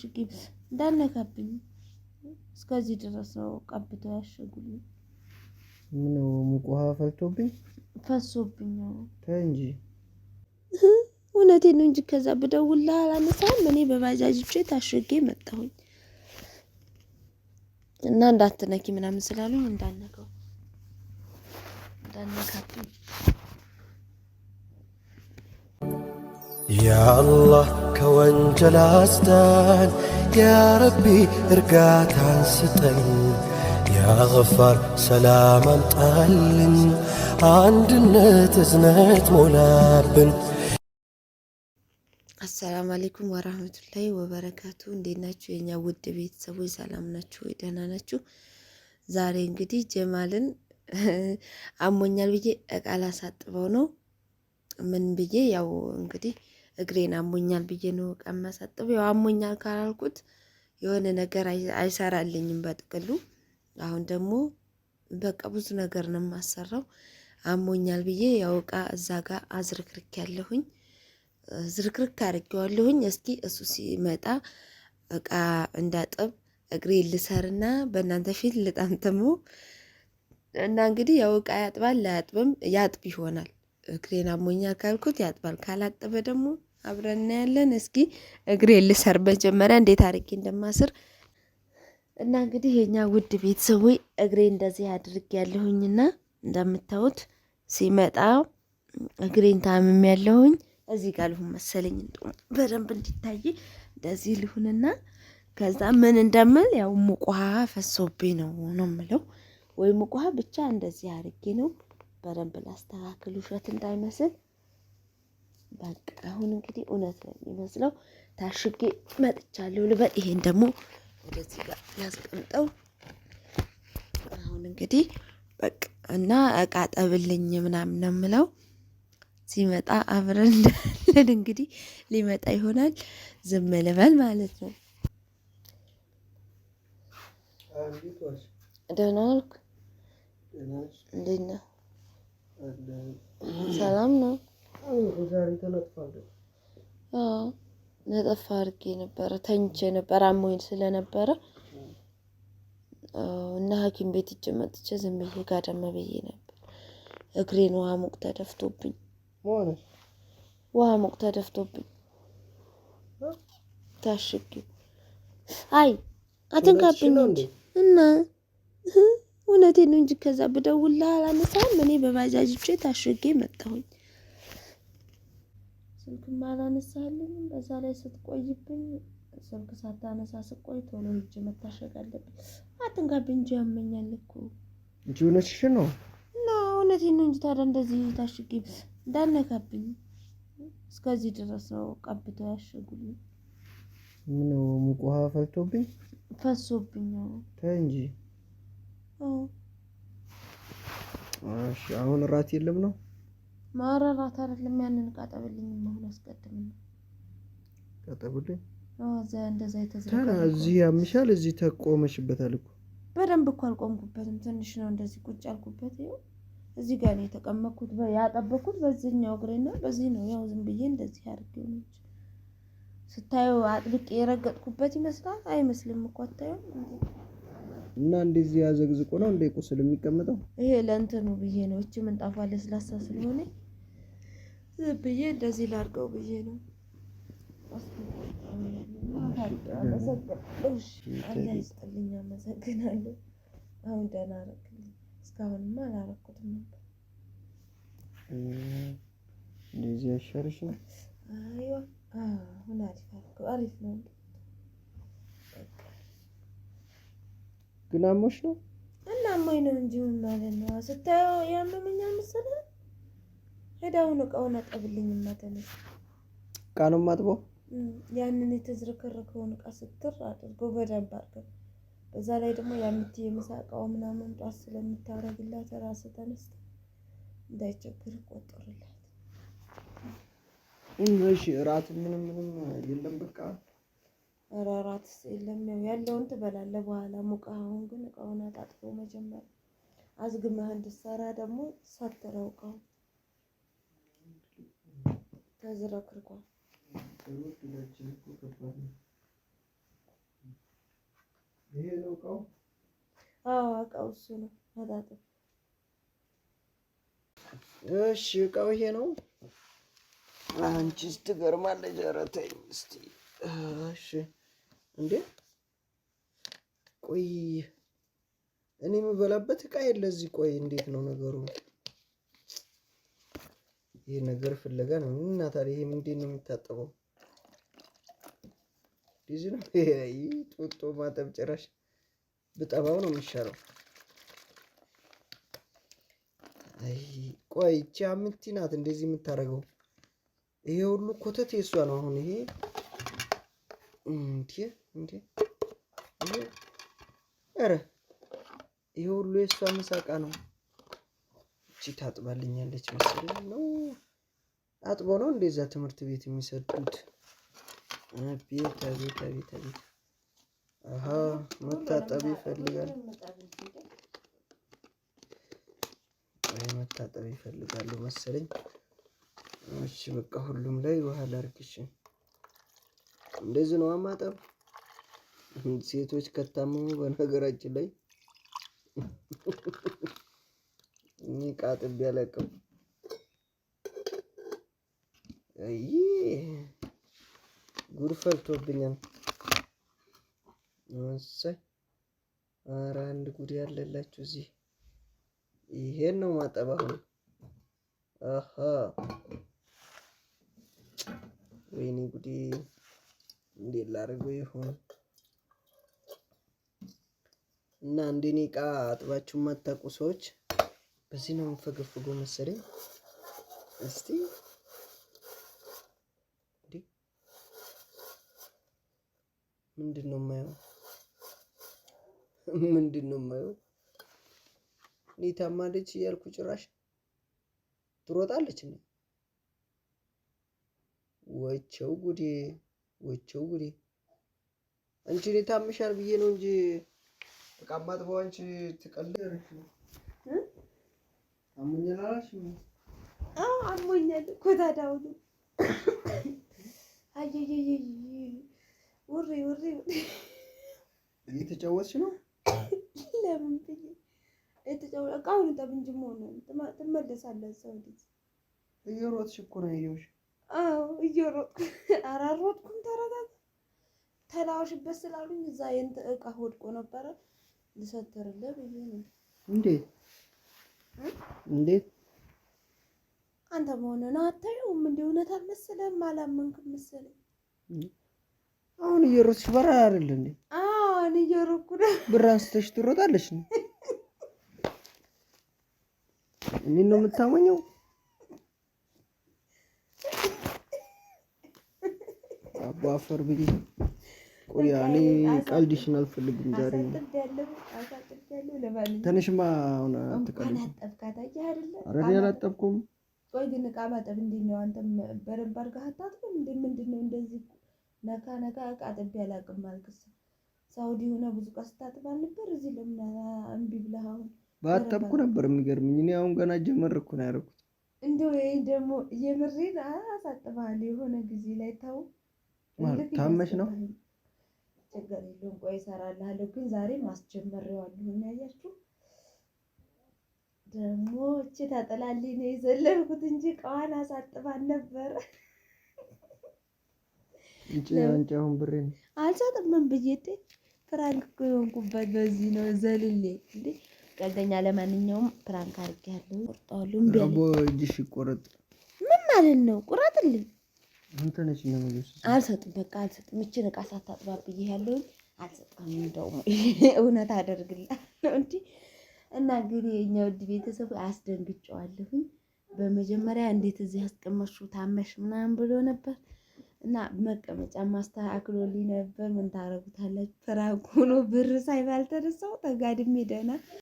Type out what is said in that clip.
ሽጊብስ እንዳልነካብኝ እስከዚህ ድረስ ነው ቀብቶ ያሸጉልኝ። ምን ሙቅ ውሃ ፈልቶብኝ ፈሶብኝ ነው። ተይ እንጂ እውነቴን ነው እንጂ። ከዛ ብደውላ አላነሳም። እኔ በባጃጅ ብቻ ታሸጌ መጣሁኝ እና እንዳትነኪ ምናምን ስላሉኝ እንዳነከው እንዳነካብኝ ያአላህ ከወንጀል አስዳን፣ ያረቢ እርጋታን ስጠን፣ ያገፋር ሰላም አምጣልን፣ አንድነት እዝነት ሞላብን። አሰላም አሌይኩም ወራህመቱላይ ወበረካቱ። እንዴት ናችሁ የኛ ውድ ቤተሰቦች? ሰላም ናችሁ? ደህና ናችሁ? ዛሬ እንግዲህ ጀማልን አሞኛል ብዬ እቃ ላሳጥበው ነው። ምን ብዬ ያው እንግዲህ እግሬን አሞኛል ብዬ ነው ቀመሰጥብ ያው አሞኛል ካላልኩት የሆነ ነገር አይሰራልኝም በጥቅሉ። አሁን ደግሞ በቃ ብዙ ነገር ነው የማሰራው። አሞኛል ብዬ ያው እቃ እዛ ጋር አዝርክርክ ያለሁኝ ዝርክርክ አድርጌዋለሁኝ። እስኪ እሱ ሲመጣ እቃ እንዳጥብ እግሬን ልሰርና በእናንተ ፊት ልጣምጥሞ እና እንግዲህ ያው እቃ ያጥባል ላያጥብም ያጥብ ይሆናል እግሬን አሞኛል ካልኩት ያጥባል፣ ካላጠበ ደግሞ አብረን እናያለን። እስኪ እግሬ ልሰር መጀመሪያ እንዴት አድርጌ እንደማስር እና እንግዲህ የኛ ውድ ቤተሰቡ እግሬ እንደዚህ አድርግ ያለሁኝና እንደምታዩት ሲመጣ እግሬን ታምም ያለሁኝ እዚህ ጋር ልሁን መሰለኝ በደንብ እንዲታይ እንደዚህ ልሁንና ከዛ ምን እንደምል ያው ሙቋ ፈሶቤ ነው ነው ምለው ወይ ሙቋ ብቻ እንደዚህ አድርጌ ነው በደንብ ላስተካክል፣ ውሸት እንዳይመስል። በቃ አሁን እንግዲህ እውነት ነው የሚመስለው። ታሽጌ መጥቻለሁ ልበል። ይሄን ደግሞ ወደዚህ ጋር ላስቀምጠው። አሁን እንግዲህ በቃ እና እቃ ጠብልኝ ምናምን ነው የምለው። ሲመጣ አብረን እንዳለን እንግዲህ ሊመጣ ይሆናል። ዝም ልበል ማለት ነው። ደህና እንዴት ነው? ሰላም ነው። ነጠፋ አድርጌ ነበረ ተኝቼ ነበር አሞኝ ስለነበረ እና ሐኪም ቤት ሂጅ መጥቼ ዝም ብዬ ጋደም ብዬ ነበር። እግሬን ውሃ ሙቅ ተደፍቶብኝ ውሃ ሙቅ ተደፍቶብኝ ታሽጊ አይ አትንካብኝ እና እውነቴ ነው እንጂ ከዛ ብደውላ አላነሳም። እኔ በባጃጅ እጄ ታሽጌ መጣሁኝ። ስልክም አላነሳልኝ። በዛ ላይ ስትቆይብኝ ስልክ ሳታነሳ ስቆይ ቶሎ ሂጅ መታሸግ አለብኝ። አትንጋብኝ እንጂ ያመኛል እኮ እንጂ እውነትሽን ነው እና እውነቴ ነው እንጂ ታዲያ እንደዚህ ታሽጌ እንዳነካብኝ እስከዚህ ድረስ ነው ቀብተው ያሸጉልኝ። ምን ሙቅ ውሃ ፈልቶብኝ ፈሶብኝ ነው እንጂ እሺ አሁን እራት የለም ነው? ኧረ እራት አይደለም። ያንን ቃጠብልኝም አሁን አስቀድምና ቃጠብልኝ። እንደዛ የተዘጋ እዚህ ያምሻል። እዚህ ተቆመሽበታል እኮ በደንብ እኮ አልቆምኩበትም። ትንሽ ነው እንደዚህ ቁጭ አልኩበት። ይኸው እዚህ ጋር ነው የተቀመጥኩት። ያጠበኩት በዚህኛው እግሬና በዚህ ነው። ያው ዝም ብዬ እንደዚህ አድርጌው ነው ስታዩ፣ አጥብቄ የረገጥኩበት ይመስላል። አይመስልም እኮ እንዴ? እና እንደዚህ ያዘግዝቆ ነው እንደ ቁስል የሚቀመጠው። ይሄ ለእንትኑ ብዬ ነው። እቺ ምንጣፏ ለስላሳ ስለሆነ ብዬ እንደዚህ ላድርገው ብዬ ነው። አስጠልኝ። አመሰግናለሁ። አሁን ደህና አደረግልኝ። እስካሁንማ ነበር። እንደዚህ አሪፍ ነው። ግን አሞሽ ነው እና አሞኝ ነው እንጂ ምን ማለት ነው? ስታየው ያመመኛል መሰለህ። ሄዳውን እቃውን አጠብልኝ ማተነስ እቃ ነው የማጥበው። ያንን የተዝረከረከውን እቃ ስትር አድርጎ በደንብ አድርገው። በዛ ላይ ደግሞ ያምት የምሳ እቃው ምናምን ጧት ስለምታረግላት ራስ ተነስተ እንዳይቸግር ቆጠርላት። እሺ እራት ምንም ምንም የለም በቃ ኧረ እራት የለም ያለውን ትበላለህ በኋላ ሙቀህ። አሁን ግን እቃውን አጣጥፎ መጀመሪያ አዝግመህ እንድትሰራ ደግሞ ሳትለው እቃው ተዝረክርኳል። አዎ እቃው እሱ ነው አጣጥፎ። እሺ እቃው ይሄ ነው። አንቺስ ትገርማለች። ኧረ ተይኝ እስኪ እሺ እንዴ ቆይ እኔ የምበላበት እቃ የለ እዚህ። ቆይ እንዴት ነው ነገሩ? ይህ ነገር ፍለጋ ነው እና ታዲያ ይሄ ምንድን ነው የሚታጠበው? ዲዚ ነው ጦጦ ማጠብ ጭራሽ ብጠባው ነው የሚሻለው። ቆይ ቻምቲ ናት እንደዚህ የምታደርገው። ይሄ ሁሉ ኮተት የሷ ነው። አሁን ይሄ እንዴ እንዴ! ኧረ ይሄ ሁሉ የእሷ መሳቃ ነው። እቺ ታጥባልኛለች መሰለኝ ነው። አጥቦ ነው እንደዛ ትምህርት ቤት የሚሰዱት። አቤት አቤት አቤት አቤት! አሃ መታጠብ ይፈልጋል። መታጠብ ይፈልጋሉ መሰለኝ። እሺ በቃ ሁሉም ላይ ውሃ ላርግሽ። እንደዚህ ነው ማጠብ። ሴቶች ከታመሙ በነገራችን ላይ እኔ ቃጥብ ያለቀው አይ ጉድ ፈልቶብኛል። ወሰይ ኧረ አንድ ጉድ ያለላችሁ እዚህ ይሄን ነው ማጠብ አሁን። አሃ ወይኔ ጉዴ እንዴት ላደርገው ይሆን እና እንደኔ እቃ አጥባችሁ የማታውቁ ሰዎች በዚህ ነው የምፈገፍገው መሰለኝ። እስቲ ምንድን ነው የማየው? ምንድን ነው የማየው? እኔ ታማለች እያልኩ ጭራሽ ትሮጣለች። ነው ወቸው ጉዴ ወቸው ጉዴ! አንቺ እኔ ታምሻል ብዬ ነው እንጂ ተቃማጥ በአንቺ ትቀልደሽ። አሞኛል አላልሽም? አዎ አሞኛል። ኮታዳው ነው። አየየየ ወሬ ወሬ እየተጫወትሽ ነው። ለምን ብዬ ጠብ እንጂ መሆን ትመለሳለህ። ሰው ልጅ እየሮጥሽ እኮ ነው አዎ እየሮጥኩ ኧረ አልሮጥኩም። ተረጋጋ። ተላውሽበት ስላሉኝ እዛ የእንት እቃ ወድቆ ነበረ ልሰትርልህ ብዬ ነው። እንዴት እንዴት አንተ መሆንህን አታየውም? እንደ እውነት አልመሰለህም? አላመንክም መሰለኝ። አሁን እየሮጥሽ በረራ አይደል እንዴ? አሁን እየሮጥኩ ነው። ብር አንስተሽ ትሮጣለሽ ነው እኔን ነው የምታሞኘው? በአፈርብኝ ቆያ እኔ ቀልድሽን አልፈልግም። ዛሬ ትንሽማ አሁን አትቀልድ። አላጠብኩም። ቆይ ግን እቃ ማጠብ እንዴት ነው? አንተም በደንብ አድርገህ አታጥብም? እንደ ምንድን ነው እንደዚህ ነካ ነካ እቃ አጥቤ አላውቅም ማለት ነው። ሳውዲ ሆነ ብዙ እቃ ስታጥብ አልነበር? እዚህ ለምን እምቢ ብለህ? አሁን ባጠብኩ ነበር። የሚገርምኝ እኔ አሁን ገና ጀመርኩ ነው ያደረኩት። ወይ ደግሞ የምሬን አሳጥባለሁ የሆነ ጊዜ ላይ ተው ታመሽ ነው ችግር የለውም። ቆይ እሰራልሃለሁ፣ ግን ዛሬ ማስጀመሪያዋለሁ። የሚያያችሁ ደግሞ እቺ ታጠላልኝ ነው የዘለልኩት እንጂ ቀዋን አሳጥባን ነበር። እንጂ አንቺ አሁን ብሬ ነው አልሰጥምም ብዬ እንዴ ፕራንክ የሆንኩበት በዚህ ነው ዘልሌ እንዴ ቀልደኛ። ለማንኛውም ፕራንክ አድርጌያለሁ። ቆርጣውሉም ቢያለ እጅሽ ይቆረጥ ምን ማለት ነው? ቁረጥልኝ አልሰጥም። በቃ አልሰጥም። እችን እቃ ብዬ ያለውን አልሰጥም። እንደውም እውነት አደርግላለሁ እንጂ እና እንግዲህ የኛ ውድ ቤተሰብ አስደንግጨዋለሁኝ። በመጀመሪያ እንዴት እዚህ አስቀመሹ ታመሽ ምናምን ብሎ ነበር እና መቀመጫ ማስተካክሎልኝ ነበር። ምን ታረጉታላችሁ? ፍራንክ ሆኖ ብር ሳይባል ተነሳው ተጋድሜ ደህና